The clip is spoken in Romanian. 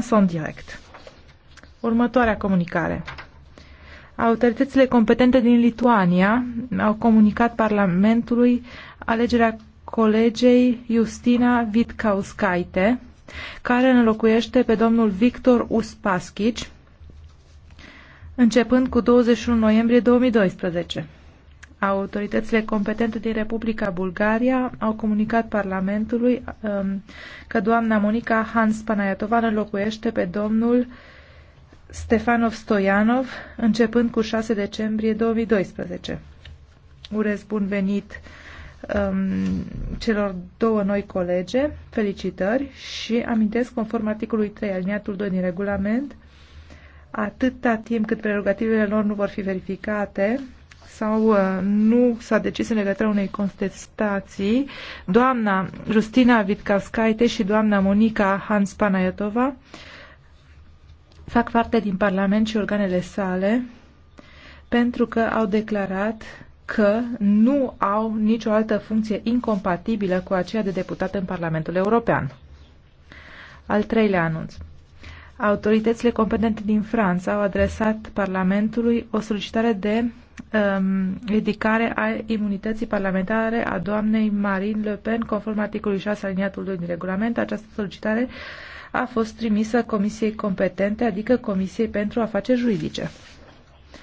în somn direct. Următoarea comunicare. Autoritățile competente din Lituania au comunicat Parlamentului alegerea colegei Justina Vitkauskaite, care înlocuiește pe domnul Victor Uspaschici, începând cu 21 noiembrie 2012. Autoritățile competente din Republica Bulgaria au comunicat Parlamentului um, că doamna Monica Hans Panayatova înlocuiește pe domnul Stefanov Stoianov începând cu 6 decembrie 2012. Urez bun venit um, celor două noi colege, felicitări și amintesc conform articolului 3 aliniatul 2 din regulament, atâta timp cât prerogativele lor nu vor fi verificate, sau uh, nu s-a decis în legătura unei contestații, doamna Justina Vitkaskaite și doamna Monica Hans Panayotova fac parte din Parlament și organele sale pentru că au declarat că nu au nicio altă funcție incompatibilă cu aceea de deputat în Parlamentul European. Al treilea anunț. Autoritățile competente din Franța au adresat Parlamentului o solicitare de um, ridicare a imunității parlamentare a doamnei Marine Le Pen, conform articolului 6 aliniatul 2 din regulament. Această solicitare a fost trimisă Comisiei competente, adică Comisiei pentru Afaceri Juridice.